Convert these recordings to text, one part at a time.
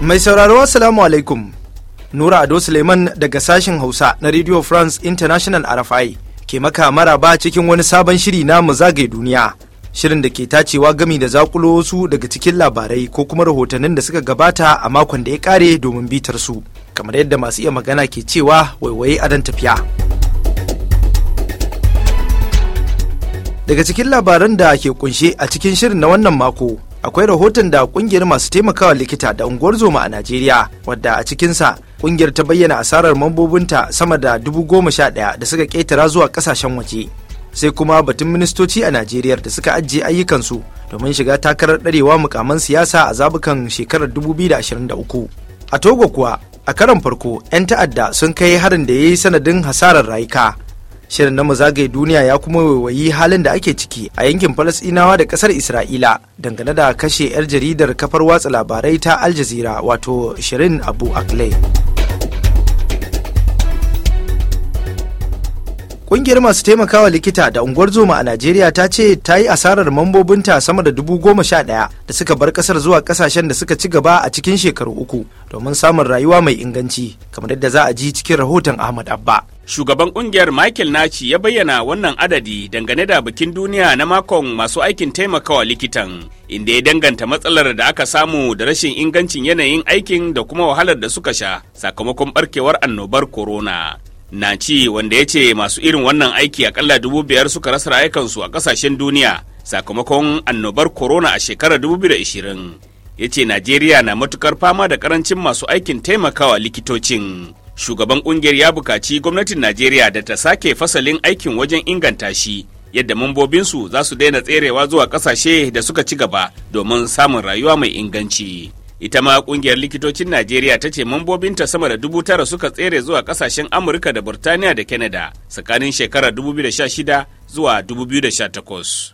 Mai sauraro Assalamu alaikum. Nura Ado Suleiman daga sashen Hausa na Radio France International RFI ke maka mara ba cikin wani sabon shiri na mu zagaye duniya. Shirin da ke tacewa gami da zakulo wasu daga cikin labarai ko kuma rahotannin da suka gabata a makon da ya kare domin bitar su. Kamar yadda masu iya magana ke cewa waiwaye adon tafiya. Daga cikin labaran da ke kunshe a cikin shirin na wannan mako akwai rahoton da kungiyar masu taimakawa likita da unguwar zoma a Najeriya wadda a cikinsa kungiyar ta bayyana asarar mambobinta sama da dubu goma sha ɗaya da suka ƙetara zuwa ƙasashen waje. Sai kuma batun ministoci a Najeriya da suka ajiye ayyukansu domin shiga takarar ɗarewa mukaman siyasa a zabukan shekarar 2023. A Togo kuwa a karon farko 'yan ta'adda sun kai harin da ya yi sanadin hasarar rayuka. shirin na zagaye duniya ya kuma waiwayi halin da ake ciki a yankin falasinawa da kasar isra'ila dangane da kashe 'yar jaridar kafar watsa labarai ta al jazeera wato shirin abu akleh Ƙungiyar masu taimakawa likita da unguwar zoma a Najeriya ta ce ta yi asarar mambobinta sama da dubu goma sha ɗaya da suka bar ƙasar zuwa ƙasashen da suka ci gaba a cikin shekaru uku domin samun rayuwa mai inganci kamar yadda za a ji cikin rahoton Ahmad Abba. Shugaban ƙungiyar Michael Naci ya bayyana wannan adadi dangane da bikin duniya na makon masu aikin taimakawa likitan, inda ya danganta matsalar da aka samu da rashin ingancin yanayin aikin da kuma wahalar da suka sha sakamakon barkewar annobar corona. Naci wanda ya ce masu irin wannan aiki akalla dubu biyar suka rasa rayukansu a kasashen duniya sakamakon annobar corona a shekarar 2020. ya ce Najeriya na matukar fama da karancin masu aikin taimakawa likitocin. shugaban kungiyar ya bukaci gwamnatin najeriya da ta sake fasalin aikin wajen inganta shi yadda mambobinsu za su daina tserewa zuwa kasashe da suka ci gaba domin samun rayuwa mai inganci ita ma kungiyar likitocin najeriya ta ce mambobinta sama da dubu tara suka tsere zuwa kasashen amurka da burtaniya da canada tsakanin shekarar 2016 zuwa 2018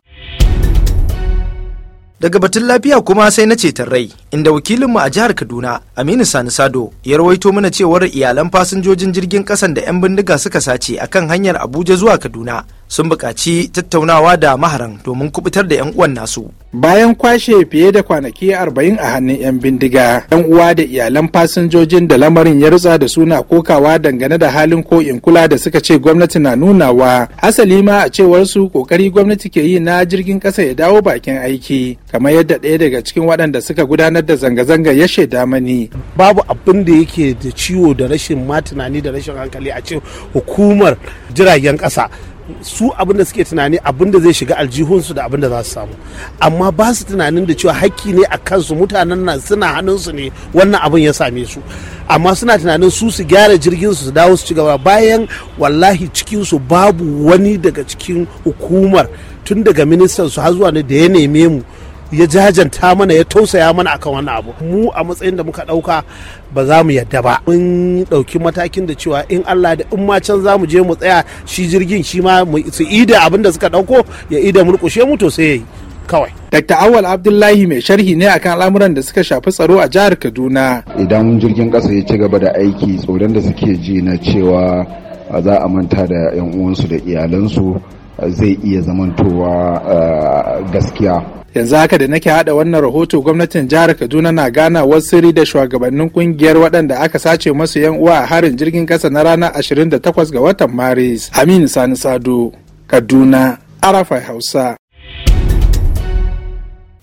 daga batun lafiya kuma sai na ceton rai inda wakilinmu a jihar kaduna aminu sani sado ya rawaito mana cewar iyalan fasinjojin jirgin kasan da 'yan bindiga suka sace akan hanyar abuja zuwa kaduna sun buƙaci tattaunawa da maharan domin kubutar da 'yan uwan nasu. Bayan kwashe fiye da kwanaki arba'in a hannun 'yan bindiga, 'yan uwa da iyalan fasinjojin da lamarin ya rutsa da suna kokawa dangane da halin ko in kula da suka ce gwamnati na nunawa. Asali ma a cewar su kokari gwamnati ke yi na jirgin ƙasa ya dawo bakin aiki, kamar yadda ɗaya daga cikin waɗanda suka gudanar da zanga-zanga ya shaida mani. Babu abin da yake da ciwo da rashin ma tunani da rashin hankali a ce hukumar jiragen ƙasa su abinda suke tunani abinda zai shiga aljihunsu da abin za su samu amma ba su tunanin da cewa hakki ne a kansu mutanen nan suna hannunsu ne wannan abin ya same su amma suna tunanin su su gyara jirgin su dawo su ci gaba bayan wallahi cikin su babu wani daga cikin hukumar tun daga ministan su har zuwa ne da ya neme mu ya jajanta mana ya tausaya mana akan wannan abu mu a matsayin da muka dauka ba za mu yadda ba mun dauki matakin da cewa in Allah da in ma can za mu je mu tsaya shi jirgin shi ma su ida abin da suka dauko ya ida mulkushe mu to sai yayi kawai Dr. Awal Abdullahi mai sharhi ne akan al'amuran da suka shafi tsaro a jihar Kaduna. Idan jirgin ƙasa ya ci gaba da aiki tsoron da suke ji na cewa za a manta da 'yan uwansu da iyalansu zai iya zamantowa gaskiya yanzu haka da nake hada wannan rahoto gwamnatin jihar kaduna na gana wasu da shugabannin kungiyar waɗanda aka sace masu yan uwa a harin jirgin kasa na ranar 28 ga watan maris aminu sani sado kaduna arafa hausa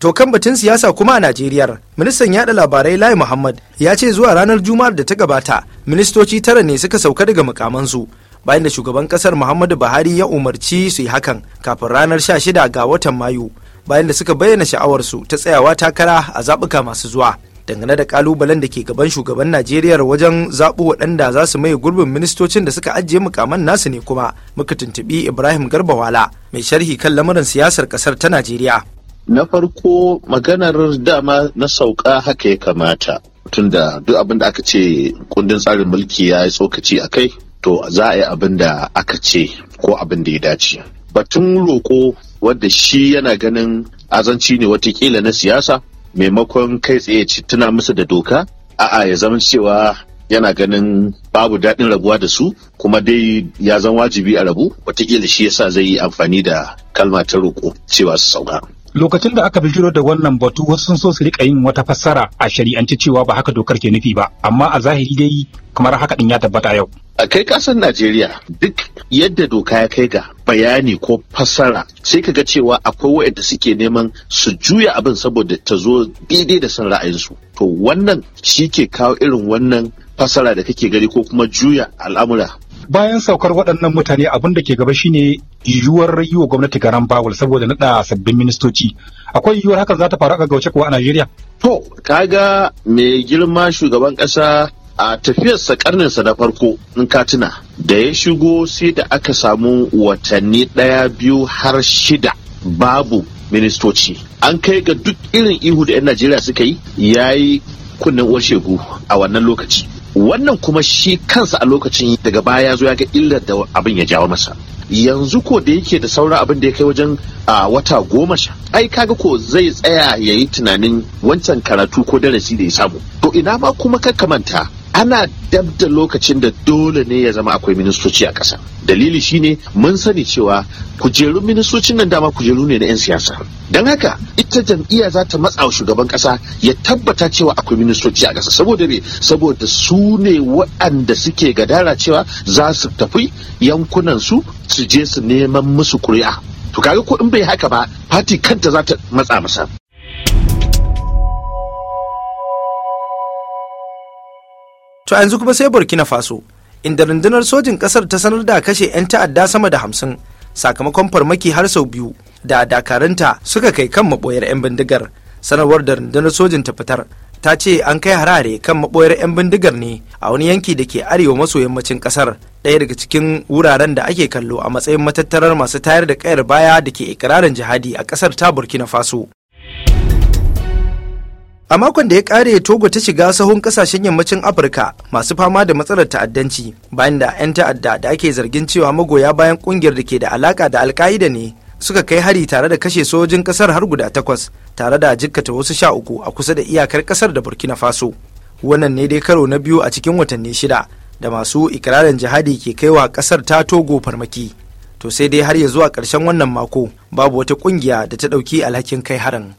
To kan batun siyasa kuma a Najeriya, ministan yada labarai Lai Muhammad ya ce zuwa ranar Juma'ar da ta gabata, ministoci tara ne suka sauka daga mukamansu. Bayan da shugaban kasar Muhammadu Buhari ya umarci su yi hakan kafin ranar 16 ga watan Mayu. bayan da suka bayyana sha'awarsu ta tsayawa takara a zaɓuka masu zuwa dangane da kalubalen da ke gaban shugaban najeriya wajen zaɓo waɗanda za su maye gurbin ministocin da suka ajiye mukaman nasu ne kuma muka tuntuɓi ibrahim garbawala mai sharhi kan lamarin siyasar ƙasar ta najeriya na farko maganar dama na sauka haka ya kamata tunda duk abin da aka ce kundin tsarin mulki ya yi tsokaci a kai to za a yi abin da aka ce ko abin da ya dace batun roƙo wadda shi yana ganin azanci ne watakila na siyasa maimakon kai tsaye tuna musu da doka a'a ya zama cewa yana ganin babu daɗin rabuwa da su kuma dai ya zan wajibi a rabu watakila shi yasa zai yi amfani da kalma ta roƙo cewa su sauka. lokacin da aka bijiro da wannan batu wasu sun so su rika yin wata fassara a shari'ance cewa ba haka dokar ke nufi ba amma a zahiri dai kamar haka din ya tabbata yau a kai kasar najeriya duk yadda doka ya kai ga bayani ko fassara sai ka ga cewa akwai waɗanda suke neman su juya abin saboda ta zo daidai da son ra'ayinsu to wannan shi ke kawo irin wannan fassara da kake gani ko kuma juya al'amura bayan saukar waɗannan mutane abin da ke gaba shine yiwuwar yi wa gwamnati garan bawul saboda naɗa sabbin ministoci akwai yiwuwar hakan za ta faru a gauce kuwa a najeriya to kaga mai girma shugaban ƙasa a tafiyarsa karninsa na farko in ka da ya shigo sai da aka samu watanni ɗaya biyu har shida babu ministoci an kai ga duk irin ihu da 'yan najeriya suka yi ya yi kunnen uwar shegu a wannan lokaci wannan kuma shi kansa a lokacin daga baya ya zo ya ga illar da abin ya jawo masa yanzu ko da yake da sauran abin da ya kai wajen a wata goma sha ai kaga ko zai tsaya ya yi tunanin wancan karatu ko darasi da ya samu to ina ma kuma ka kamanta ana dabda lokacin da dole ne ya zama akwai ministoci a ƙasa dalili shine mun sani cewa kujerun ministocin nan dama kujeru ne na 'yan siyasa don haka ita jam'iyya za ta matsa shugaban ƙasa ya tabbata cewa akwai ministoci a ƙasa saboda ne saboda su ne waɗanda suke gadara cewa za su tafi yankunan su su je su neman musu kuri'a to kaga ko in bai haka ba fati kanta za ta matsa masa To yanzu kuma sai Burkina Faso, inda rundunar sojin ƙasar ta sanar da kashe 'yan ta'adda sama da hamsin sakamakon farmaki har sau biyu da dakaranta suka kai kan maɓoyar 'yan bindigar. Sanarwar da rundunar sojin ta fitar ta ce an kai harare kan maɓoyar 'yan bindigar ne a wani yanki da ke arewa maso yammacin ƙasar ɗaya daga cikin wuraren da ake kallo a matsayin matattarar masu tayar da kayar baya da ke ikirarin jihadi a ƙasar ta burkina faso A makon da ya kare Togo ta shiga sahun kasashen yammacin Afirka masu fama da matsalar ta'addanci bayan da 'yan ta'adda da ake zargin cewa magoya bayan kungiyar da ke da alaka da alka'ida ne suka kai hari tare da kashe sojojin kasar har guda takwas tare da jikkata wasu sha uku a kusa da iyakar kasar da Burkina Faso. Wannan ne dai karo na biyu a cikin watanni shida da masu ikirarin jihadi ke kaiwa kasar ta Togo farmaki. To sai dai har ya zuwa ƙarshen wannan mako babu wata ƙungiya da ta ɗauki alhakin kai harin.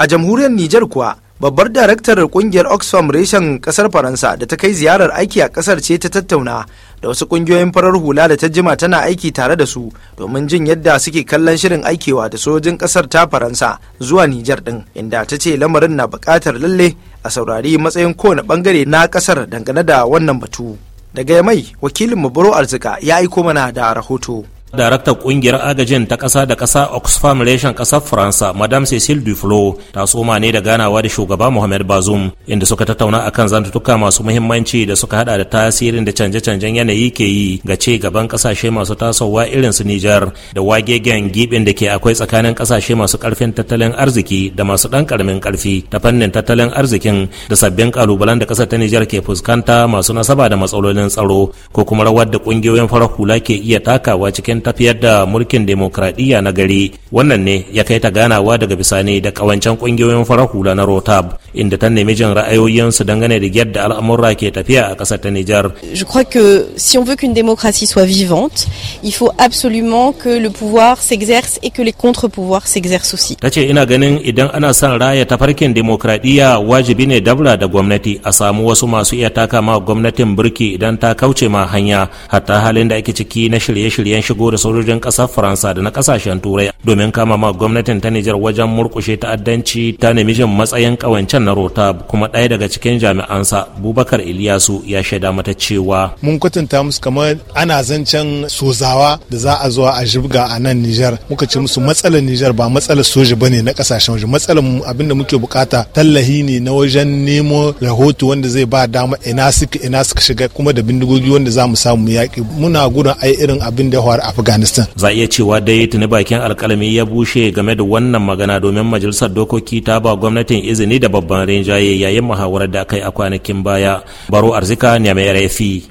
a jamhuriyar nijar kuwa babbar daraktar kungiyar oxfam reshen kasar faransa da ta kai ziyarar aiki a kasar ce ta tattauna da wasu kungiyoyin farar hula da ta jima tana aiki tare da su domin jin yadda suke kallon shirin aikewa da sojin kasar ta faransa zuwa nijar din inda ta ce lamarin na bukatar lalle a saurari matsayin kowane bangare na kasar dangane da wannan batu daga mai wakilin mabaro arzika ya aiko mana da rahoto Daraktar kungiyar agajin ta ƙasa da ƙasa Oxfam Reshen ƙasar Faransa, Madame Cécile Duflo, ta soma ne da ganawa da shugaba Mohamed Bazoum, inda suka tattauna akan zantutuka masu muhimmanci da suka hada da tasirin da canje-canjen yanayi ke yi ga ci gaban ƙasashe masu tasowa irin su Nijar, da wagegen gibin da ke akwai tsakanin ƙasashe masu ƙarfin tattalin arziki da masu ɗan ƙaramin ƙarfi ta fannin tattalin arzikin da sabbin ƙalubalen da ƙasar ta Nijar ke fuskanta masu nasaba da matsalolin tsaro ko kuma rawar da ƙungiyoyin farar hula ke iya takawa cikin domin tafiyar da mulkin demokradiyya na gari wannan ne ya kai ta ganawa daga bisani da kawancen kungiyoyin farar hula na rotab inda ta nemi jin ra'ayoyinsu dangane da yadda al'amura ke tafiya a ƙasar ta Nijar. Je crois que si on veut qu'une démocratie soit vivante, il faut absolument que le pouvoir s'exerce et que les contre-pouvoirs s'exercent aussi. Ta ce ina ganin idan ana son raya tafarkin demokradiyya wajibi ne dabla da gwamnati a samu wasu masu iya taka ma gwamnatin birki idan ta kauce ma hanya hatta halin da ake ciki na shirye-shiryen shigo da sojojin ƙasar faransa da na ƙasashen turai domin kama ma gwamnatin ta nijar wajen murƙushe ta'addanci ta nemi jin matsayin ƙawancen na rota kuma ɗaya daga cikin jami'ansa bubakar iliyasu ya shaida mata cewa mun kwatanta musu kamar ana zancen sozawa da za a zuwa a jibga a nan nijar muka ce musu matsalar nijar ba matsalar soja ba ne na ƙasashen waje matsalar abinda muke bukata tallahi ne na wajen nemo rahoto wanda zai ba dama ina suka ina suka shiga kuma da bindigogi wanda za mu samu yaƙi muna gudun ai irin abin da ya faru a afghanistan za iya cewa dai tuni bakin alkalami ya bushe game da wannan magana domin majalisar dokoki ta ba gwamnatin izini da babban rinjaye yayin muhawarar da kai a kwanakin baya baro arzika ne mai rafi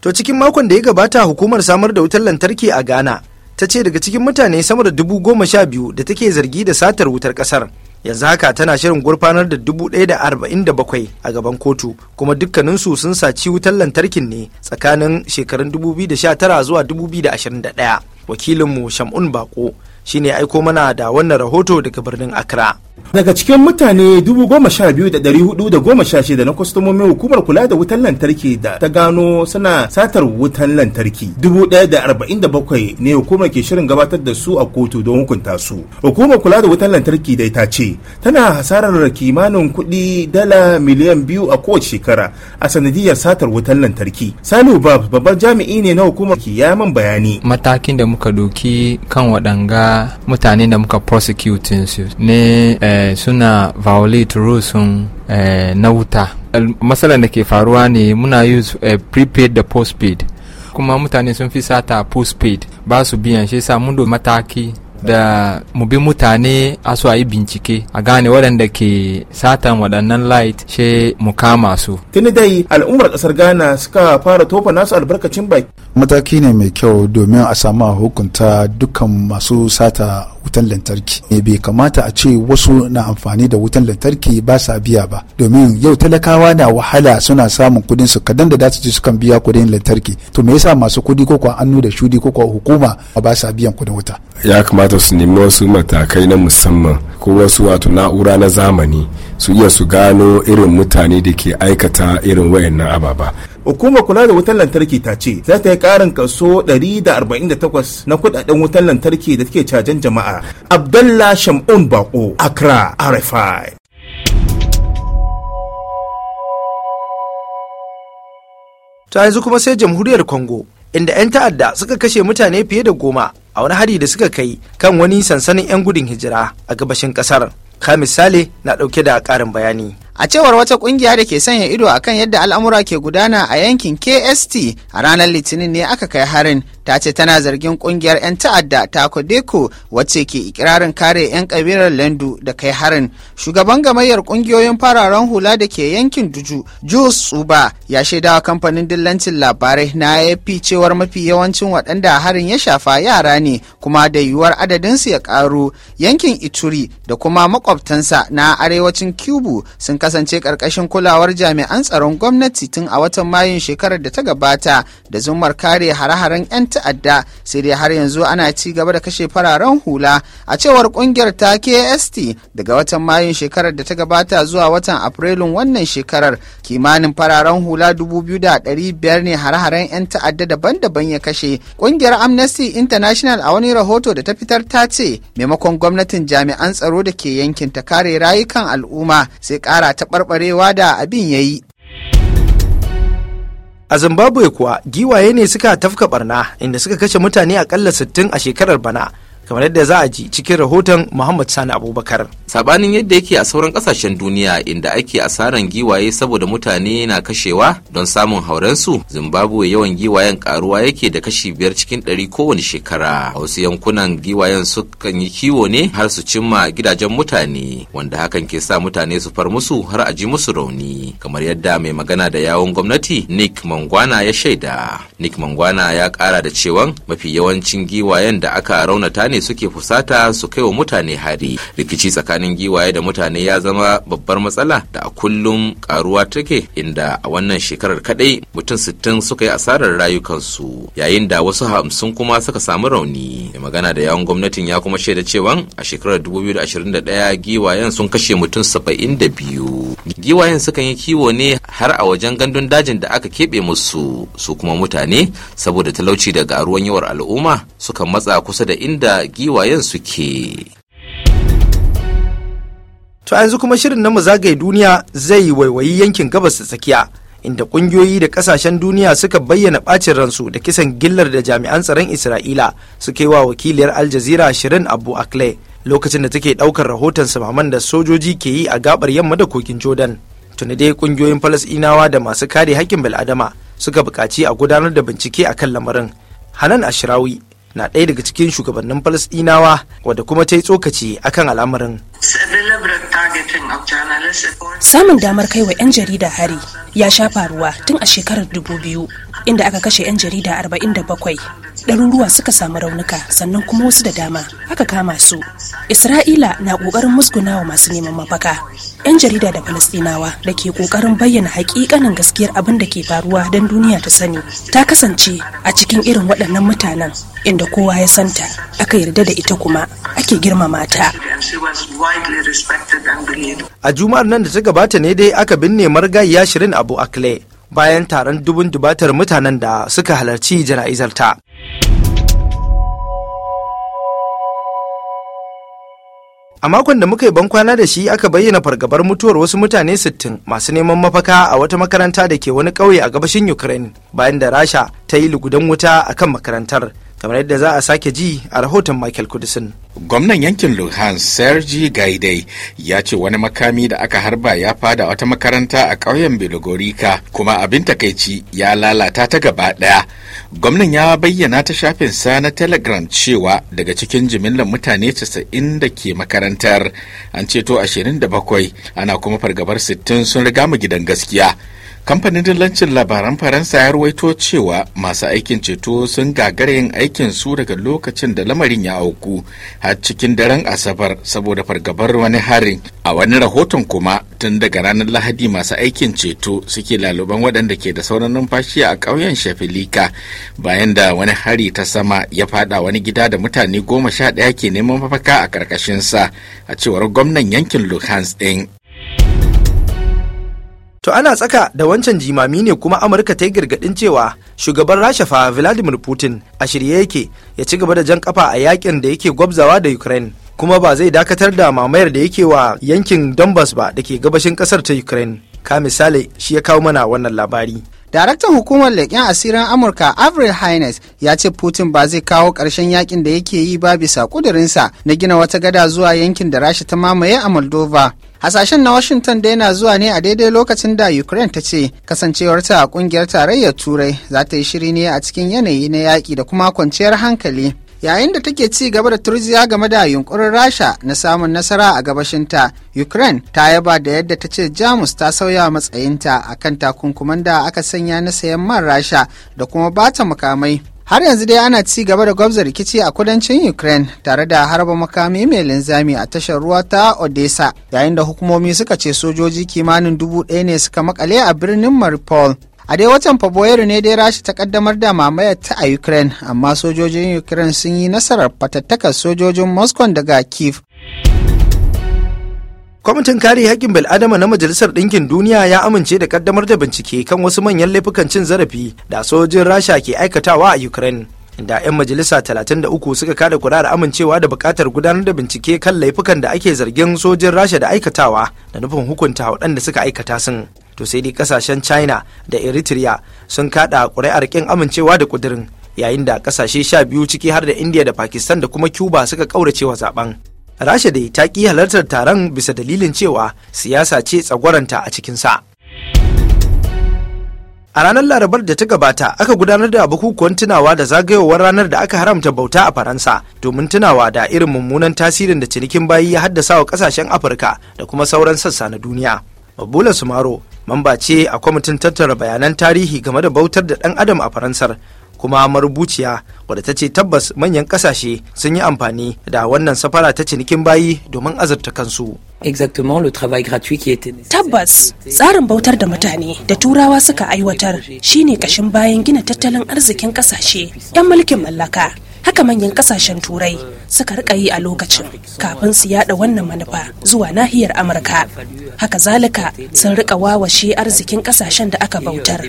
to cikin makon da ya gabata hukumar samar da wutar lantarki a ghana ta ce daga cikin mutane sama da dubu goma sha biyu da take zargi da satar wutar kasar yanzu haka tana shirin gurfanar da dubu ɗaya da da arba'in bakwai a gaban kotu kuma dukkaninsu sun saci wutar lantarkin ne tsakanin shekarun tara zuwa da ɗaya wakilinmu shamun bako shine aiko mana da wannan rahoto daga birnin accra daga cikin mutane 12,416 na kwastomomin hukumar kula da wutan lantarki da ta gano suna satar wutan lantarki 1,047 ne hukumar ke shirin gabatar da su a kotu don hukunta su hukumar kula da wutan lantarki dai ta ce tana hasarar kimanin kuɗi dala miliyan biyu a kowace shekara a sanadiyar satar wutan lantarki salihu bab babbar jami'i ne na hukumar ki ya man bayani matakin da muka doki kan waɗanga mutane da muka prosecuting su ne Eh, suna violate rusun eh, na wuta matsalar da ke faruwa ne muna use eh, prepaid da postpaid kuma mutane sun fi sata postpaid ba su biyan shi sa mun mataki da mu bi mutane a su yi bincike a gane waɗanda ke satan waɗannan light she mu kama su. Tuni dai al'ummar ƙasar Ghana suka fara tofa nasu albarkacin baki. Mataki ne mai kyau domin a samu a hukunta dukkan masu sata wutan lantarki ne eh, bai kamata a ce wasu na amfani da wutan lantarki ba sa biya ba domin yau talakawa na wahala suna samun kudin su kadan da su ji sukan biya kudin lantarki to me yasa masu kudi ko kuwa annu da shudi ko kuwa hukuma ba sa biyan kudin wuta ya kamata su nemi wasu matakai na musamman ko wasu wato na'ura na zamani su iya su gano irin mutane da ke aikata irin wayannan ababa hukumar kula da wutar lantarki ta ce za ta yi karin kaso 148 na kudaden wutar lantarki da take cajen jama'a abdallah shamun bako accra rfi ta yanzu kuma sai jamhuriyar congo inda 'yan ta'adda suka kashe mutane fiye da goma a wani hari da suka kai kan wani sansanin 'yan gudun hijira a gabashin kasar kamis sale na dauke da karin bayani a cewar wata kungiya da ke sanya ido akan yadda al'amura ke gudana a yankin kst a ranar litinin ne aka kai harin ta ce tana zargin kungiyar 'yan ta'adda ta kodeko wacce ke ikirarin kare 'yan kabilar lendu da kai harin shugaban gamayyar kungiyoyin fararen hula da ke yankin duju jules tsuba ya shaidawa kamfanin dillancin labarai na ap cewar mafi yawancin waɗanda harin ya shafa yara ne kuma da yiwuwar adadinsu ya ƙaru yankin ituri da kuma makwabtansa na arewacin cubu sun kasance ƙarƙashin kulawar jami'an tsaron gwamnati tun a watan mayun shekarar da ta gabata da zumar kare hare-haren 'yan ta'adda sai dai har yanzu ana ci gaba da kashe fararen hula a cewar kungiyar ta KST daga watan Mayun shekarar da ta gabata zuwa watan Afrilun wannan shekarar kimanin fararen hula 2,500 ne har-haren 'yan ta'adda daban-daban ya kashe. Kungiyar Amnesty International a wani rahoto da ta fitar ta ce maimakon gwamnatin jami'an tsaro da ke yankin ta kare rayukan al'umma sai kara ta barbarewa da abin yayi a zimbabwe kuwa giwaye ne suka tafka barna inda suka kashe mutane akalla 60 a shekarar bana kamar yadda za a ji cikin rahoton Muhammad Sani Abubakar. Sabanin yadda yake a sauran kasashen duniya inda ake asaran giwaye saboda mutane na kashewa don samun haurensu, Zimbabwe yawan giwayen karuwa yake da kashi biyar cikin ɗari kowane shekara. A wasu yankunan giwayen sukan yi kiwo ne har su cimma gidajen mutane, wanda hakan ke sa mutane su far musu har a ji musu rauni. Kamar yadda mai magana da yawon gwamnati Nick Mangwana ya shaida. Nick Mangwana ya kara da cewan mafi yawancin giwayen da aka raunata ne ne suke fusata su kai wa mutane hari rikici tsakanin giwaye da mutane ya zama babbar matsala da a kullum karuwa take inda a wannan shekarar kadai mutum sittin suka yi asarar rayukansu yayin da wasu hamsin kuma suka samu rauni mai magana da yawon gwamnatin ya kuma shaida cewa a shekarar 2021 giwayen sun kashe mutum 72. giwayen sukan yi kiwo ne har a wajen gandun dajin da aka keɓe musu su kuma mutane saboda talauci daga ruwan yawar al'umma sukan matsa kusa da inda giwayen suke to yanzu kuma shirin na zagaye duniya zai yi waiwayi yankin gabas da tsakiya inda kungiyoyi da kasashen duniya suka bayyana bacin ransu da kisan gillar da jami'an tsaron isra'ila suka yi wa wakiliyar al jazeera shirin abu akle lokacin da take ɗaukar rahoton samaman da sojoji ke yi a gabar yamma da kogin jordan tuni dai kungiyoyin falasɗinawa da masu kare hakkin bil'adama suka buƙaci a gudanar da bincike a kan lamarin hanan ashirawi na ɗaya daga cikin shugabannin falasɗinawa wadda kuma ta yi tsokaci akan al'amarin samun damar kai wa 'yan jarida hari ya sha faruwa tun a shekarar dubu biyu inda aka kashe 'yan jarida 47 ɗaruruwa suka samu raunuka sannan kuma wasu da dama aka kama su isra'ila na ƙoƙarin musgunawa masu neman mafaka 'yan jarida da falastinawa da ke ƙoƙarin bayyana haƙiƙanin gaskiyar abin da ke faruwa don duniya ta sani ta kasance a cikin irin waɗannan mutanen inda kowa ya santa aka yarda da ita kuma ake girmama ta a juma'ar nan da ta gabata ne dai aka binne ya shirin abu akle bayan taron dubun dubatar mutanen da suka halarci jana'izar ta. a makon da muka yi bankwana da shi aka bayyana fargabar mutuwar wasu mutane 60 masu neman mafaka a wata makaranta da ke wani ƙauye a gabashin ukraine bayan da rasha ta yi lugudan wuta a kan makarantar kamar yadda za a sake ji a rahoton michael kudisin gwamnan yankin luhan sergi gaidai ya ce wani makami da aka harba ya fada wata makaranta a ƙauyen belogorika kuma abin takaici ya lalata ta gaba ɗaya gwamnan ya bayyana ta shafin sa na telegram cewa daga cikin jimillar mutane 90 da ke makarantar an ceto 27 ana kuma fargabar 60 sun riga mu gidan gaskiya kamfanin dillancin labaran faransa ya ruwaito cewa masu aikin ceto sun gagara yin aikin su daga lokacin da lamarin ya auku har cikin daren asabar saboda fargabar wani hari. a wani rahoton kuma tun daga ranar lahadi masu aikin ceto suke laluban waɗanda ke da sauran numfashi a ƙauyen shafilika bayan da wani hari ta sama ya fada wani gida da mutane goma sha ɗaya ke neman mafaka a ƙarƙashinsa a cewar gwamnan yankin luhans ɗin To ana tsaka da wancan jimami ne kuma Amurka ta yi gargaɗin cewa shugaban Rasha fa Vladimir Putin a shirye yake ya ci gaba da jan ƙafa a yakin da yake gwabzawa da Ukraine. Kuma ba zai dakatar da mamayar da yake wa yankin Donbass ba da ke gabashin ƙasar ta Ukraine. Ka misali shi ya kawo mana wannan labari. Daraktan hukumar leƙen asirin Amurka Avril Haines ya ce Putin ba zai kawo ƙarshen yakin da yake yi ba bisa ƙudurinsa na gina wata gada zuwa yankin da Rasha ta mamaye a Moldova. Hasashen na Washington da yana zuwa ne a daidai lokacin da Ukraine ta ce kasancewarta a ƙungiyar tarayyar Turai za ta yi shiri ne a cikin yanayi na yaƙi da kuma kwanciyar hankali. yayin da take ci gaba da turziya game da yunkurin rasha na samun nasara a gabashinta ukraine ta yaba da yadda ta ce jamus ta sauya matsayinta a kan takunkuman da aka sanya na sayan man rasha da kuma bata makamai har yanzu dai ana ci gaba da gwabza rikici a kudancin ukraine tare da harba makami mai linzami a tashar ruwa ta odessa yayin da hukumomi suka ce sojoji kimanin dubu ɗaya ne suka makale a birnin maripol a dai watan fabrairu ne dai rasha ta kaddamar da mamayar ta a ukraine amma sojojin ukraine sun yi nasarar fatattakar sojojin moscow daga kiev kwamitin kare haƙƙin bil'adama na majalisar ɗinkin duniya ya amince da kaddamar da bincike kan wasu manyan laifukan cin zarafi da sojin rasha ke aikatawa a ukraine da 'yan majalisa 33 suka kada kurar amincewa da bukatar gudanar da bincike kan laifukan da ake zargin sojin rasha da aikatawa da nufin hukunta waɗanda suka aikata sun to sai dai kasashen china da eritrea sun kada ƙuri'ar kin amincewa da kudirin yayin da kasashe sha biyu ciki har da india da pakistan da kuma cuba suka ƙaurace wa zaben rasha dai ta ki halartar taron bisa dalilin cewa siyasa ce tsagwaranta a cikinsa a ranar larabar da ta gabata aka gudanar da bukukuwan tunawa da zagayowar ranar da aka haramta bauta a faransa domin tunawa da irin mummunan tasirin da cinikin bayi ya haddasa wa kasashen afirka da kuma sauran sassa na duniya mabula sumaro mamba ce a kwamitin tattara bayanan tarihi game da bautar da ɗan adam a faransar kuma marubuciya wadda ta ce tabbas manyan ƙasashe sun yi amfani da wannan safara ta cinikin bayi domin azarta kansu. Exactement le travail gratuit Tabbas tsarin bautar da mutane da turawa suka aiwatar shine kashin bayan gina tattalin arzikin kasashe 'yan mulkin mallaka haka manyan kasashen turai suka rika yi a lokacin kafin su yada wannan manufa zuwa nahiyar amurka haka zalika sun rika wawashe arzikin kasashen da aka bautar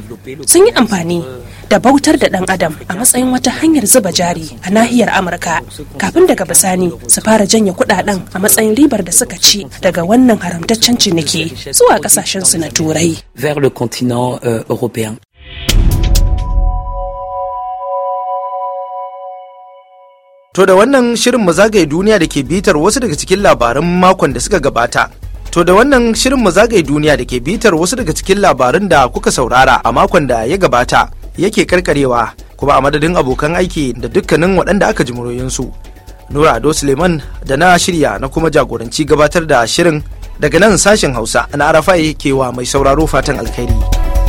sun yi amfani da bautar da dan adam a matsayin wata hanyar zuba jari a nahiyar amurka kafin daga bisani su fara janye kudaden a matsayin ribar da suka ci daga wannan haramtaccen ciniki zuwa kasashen su na turai To da wannan shirin mu zagaye duniya da ke bitar wasu daga cikin labarin makon da suka gabata. To da wannan shirin mu zagaye duniya da ke bitar wasu daga cikin labarin da kuka saurara a makon da ya gabata yake karkarewa kuma a madadin abokan aiki da dukkanin waɗanda aka ji Nura Ado Suleiman da na shirya na kuma jagoranci gabatar da shirin daga nan sashen Hausa na Arafai kewa mai sauraro fatan alkhairi.